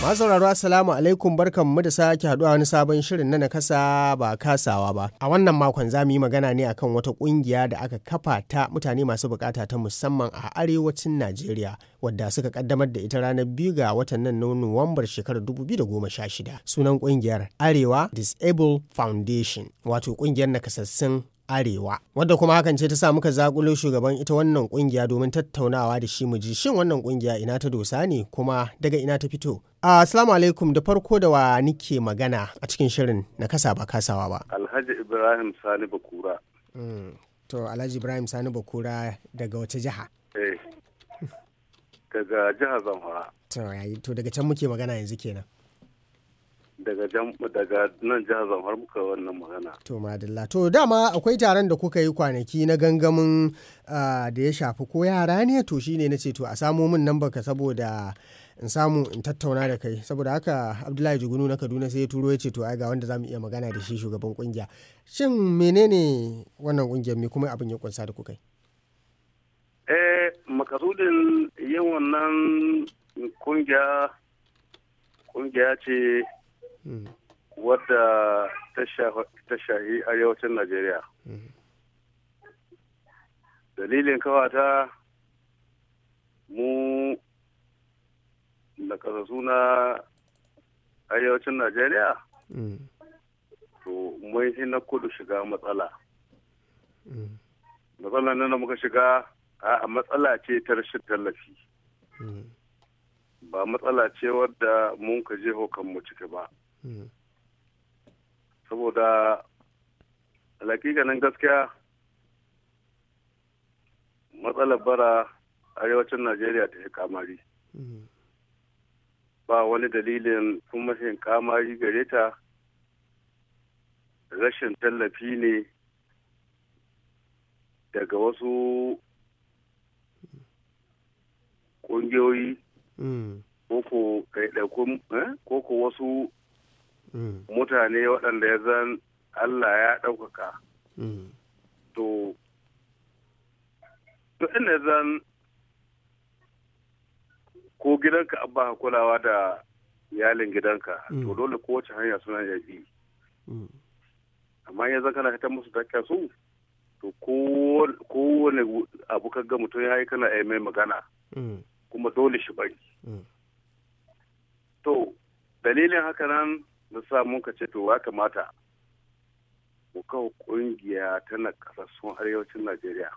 sauraro Assalamu alaikum barkan mu da sake haduwa wani sabon shirin na nakasa ba kasawa ba. A wannan makon za mu yi magana ne akan wata kungiya da aka kafa ta mutane masu bukata ta musamman a arewacin Najeriya wadda suka kaddamar da ita ranar biyu ga watan nan Nuwambar shekarar 2016. Sunan kungiyar Arewa Disable Foundation wato kungiyar nakasassun arewa wadda kuma hakan ce ta sa muka zakulo shugaban ita wannan kungiya domin tattaunawa da shi mu ji shin wannan kungiya ina ta dosa ne kuma daga ina ta fito ah, assalamu alaikum da farko da wa nike magana a cikin shirin na kasa ba kasawa ba alhaji ibrahim sani bakura hmm, to alhaji ibrahim sani bakura daga wata jiha eh, daga jihar zamfara to daga can muke magana yanzu kenan daga daga nan jihar zamfara muka wannan magana. To madalla to dama akwai taron da kuka yi kwanaki na gangamin ah, da ya shafi ko yara ne to ne na ce to a samo min nan baka saboda in samu in tattauna da kai saboda haka abdullahi jugunu na kaduna sai ya turo ya ce to ai ga wanda zamu iya magana da shi shugaban kungiya shin menene wannan kungiyar me kuma abin ya kunsa da kukai eh makasudin yin wannan kungiya kungiya ce Mm. wadda ta shahi arewacin najeriya mm. dalilin kawata mu da kasasu na arewacin najeriya mm. to mun shi na kudu shiga matsala matsala nan da muka shiga a matsala ce ta rashin tallafi ba matsala ce wadda mun ka je mu ciki ba hmm. saboda alaƙiƙanin gaskiya matsalar bara arewacin najeriya ta yi kamari hmm. ba wani dalilin kuma mahin kamari gare ta rashin tallafi ne daga wasu hmm. ƙungiyoyi ko ɗaiɗaikun eh? ko ko wasu mutane waɗanda ya zan Allah ya ɗaukaka to to ina zan ko gidanka abba kulawa da iyalin gidanka to mm. dole kowace hanya suna mm. ya bi amma yanzu kana ta musu ta su to kowane abu ka ga mutum ya yi kana mai magana mm. kuma dole shi bari to dalilin haka nan na sa ka ce to ya kamata mu kawo kungiya ta na kasassun arewacin najeriya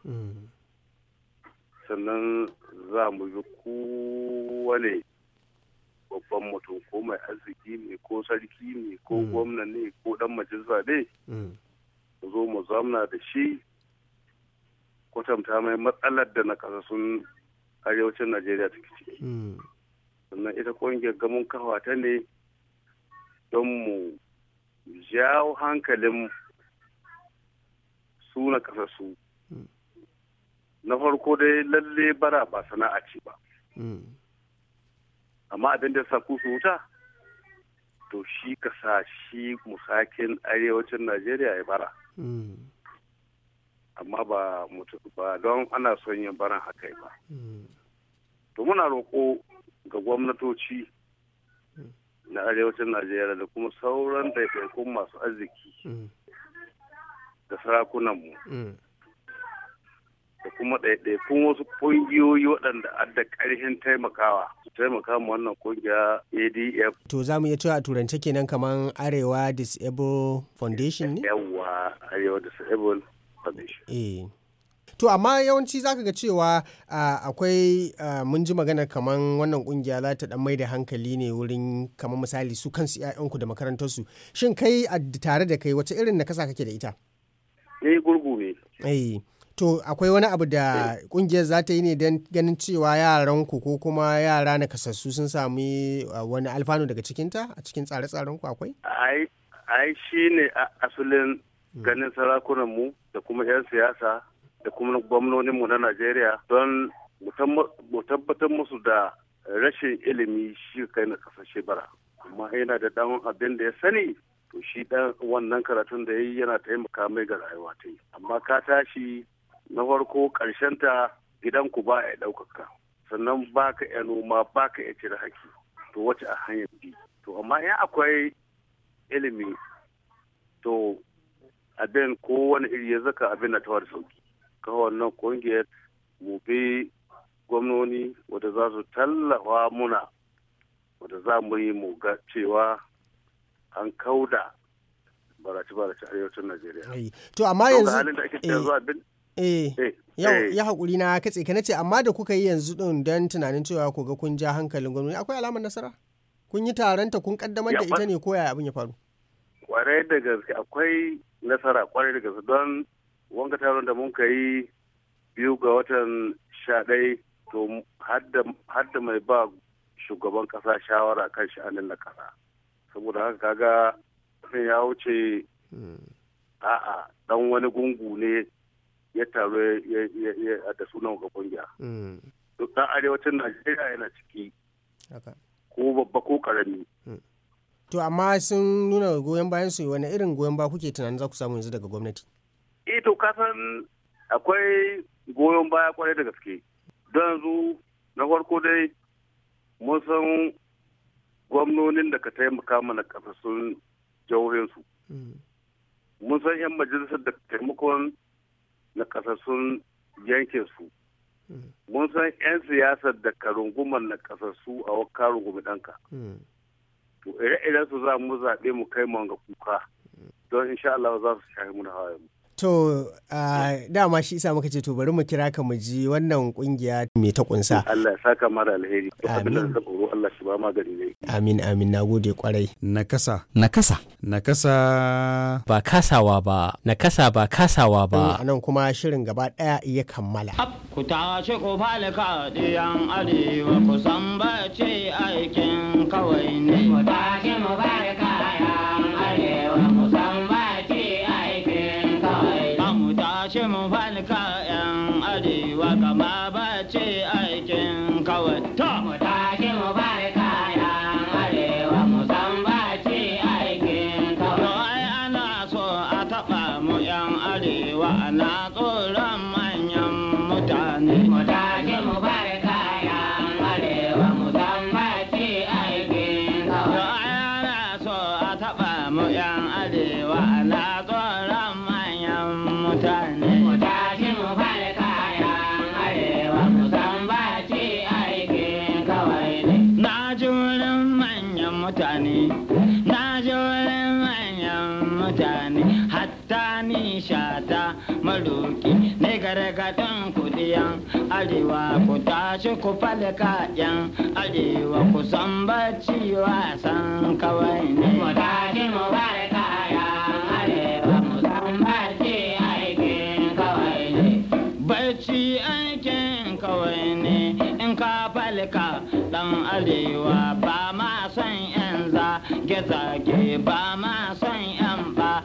sannan za mu bi kowane babban mutum ko mai arziki ne ko sarki ne ko mm. gwamna ne ko dan majalisa ne mm. mu zo mu zamna da shi kwatanta mai matsalar da na kasassun arewacin najeriya take ciki mm. sannan ita ƙungiyar gamun kawa ta ne don mu jawo hankalin suna na su hmm. na farko dai lalle bara ba sana'a ce ba hmm. amma abin da sa ku wuta to shi ka sa shi musakin arewacin najeriya ya bara hmm. amma ba ba don ana son yin bara haka ba to muna roƙo ga gwamnatoci na arewacin najeriya da kuma sauran ɗaiɗaikun masu arziki da sarakunanmu da kuma ɗaiɗaikun wasu ƙungiyoyi waɗanda adda ƙarfin taimakawa su taimaka mu wannan ƙungiya adf to za mu iya cewa a turance kenan kamar arewa disable foundation ne yawwa arewa disable foundation eh. to amma yawanci zaka ga cewa akwai mun ji magana kamar wannan kungiya za ta dan mai da hankali ne wurin kamar misali su kansu 'ya'yanku da makarantarsu shin kai a tare da kai wace irin nakasa kake da ita eh gurgu ne eh to akwai wani abu da kungiyar za ta yi ne don ganin cewa yaranku ko kuma yara na kasassu sun sami wani alfanu daga cikinta a cikin tsare-tsaren akwai ai shi ne asalin hmm. ganin sarakunan mu da kuma 'yan siyasa da kuma mu na Najeriya don mu tabbatar musu da rashin ilimi shi kai na kasashe bara. Amma yana da ɗan abin da ya sani to shi ɗan wannan karatun da ya yi yana taimaka mai ga rayuwa ta yi. Amma ka tashi na farko ta gidan ku ba ya ɗaukaka. Sannan ba ka ya noma ba ya cire haki. To wace a hanyar bi. To amma in akwai ilimi to abin kowane iri ya zaka abin na tawar sauki. Kawai wannan kungiyar mu bi gwamnoni wadda za su tallafa muna wadda za mu yi mu ga cewa an kauda barace-barace arewacin najeriya to amma yanzu eh, eh, yau eh. ya haƙuri na katse ka nace amma da kuka yi yanzu ɗin don tunanin cewa ko ga kun ja hankalin gwamnoni. akwai alamar nasara kun yi taronta kun kaddamar da ita ne ko yaya abin ya faru kwarai da gaske akwai nasara kwarai da gaske don wanka taron da mun ka yi biyu ga watan sha ɗai to hadda mai ba shugaban ƙasa shawara kan sha'anin na ƙasa saboda haka kaga sun ya wuce a'a dan wani gungu ne ya taru da sunan ga kungiya duk dan arewacin najeriya yana ciki ko babba ko karami to amma sun nuna goyon bayan su wani irin goyon ba kuke tunanin za ku samu yanzu daga gwamnati kasan akwai goyon baya kwarai da gaske don yanzu na farko dai mun san gwamnonin da ka taimaka mana kasassun jihohinsu mm. mun san 'yan majalisar da taimakon na kasassun yankinsu mm. mun san 'yan siyasar da ka runguman na kasassu a wakka rungumi danka mm. to ire-iren su za mu zaɓe mu kai ga kuka don insha Allah za su shahi mu hawaye mu To uh, dama shi isa muka ce to bari mu kira ka mu ji wannan kungiya me ta kunsa. Allah ya saka mara alheri. Amin. Allah shi ba magani ne. Amin amin gode kwarai. Nakasa. Nakasa. Nakasa. Ba kasawa ba. Nakasa ba kasawa ba. nan kuma shirin gaba daya iya kammala. Ku ta ce ku falka diyan arewa kusa. arewa ana tsoron manyan mutane. Mu tashi mu fara kayan arewa mu san baci aiki kawai ne. Na ji wurin manyan mutane, na ji wurin manyan mutane, hatta ni shata maruki ne gargadin kudiyan arewa ku tashi ku fali kayan arewa ku san baci wasan kawai ne. Mu tashi mu fara kawai ne in ka falka dan arewa ba ma san yan zage-zage ba ma san yan ba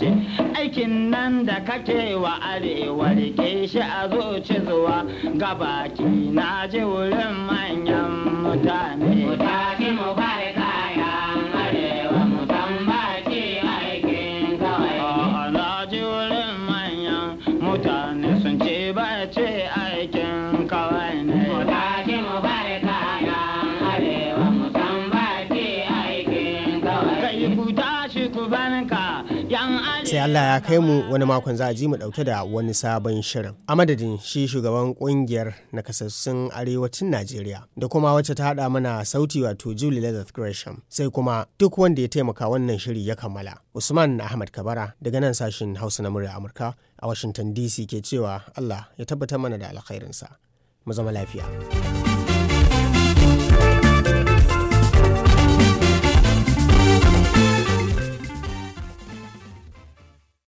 ce aikin nan da kake wa arewa rike shi a zuci zuwa gabaki na ji wurin manyan mutane sai Allah ya kai mu wani makon za a ji mu dauke da wani sabon shirin. A madadin shi shugaban kungiyar nakasassun arewacin Najeriya da kuma wacce ta hada mana sauti wato Julie Lazarus Gresham sai kuma duk wanda ya taimaka wannan shiri ya kammala. Usman Ahmad Kabara daga nan sashin Hausa na murya Amurka a Washington DC ke cewa Allah ya tabbatar mana da alkhairinsa. Mu zama lafiya.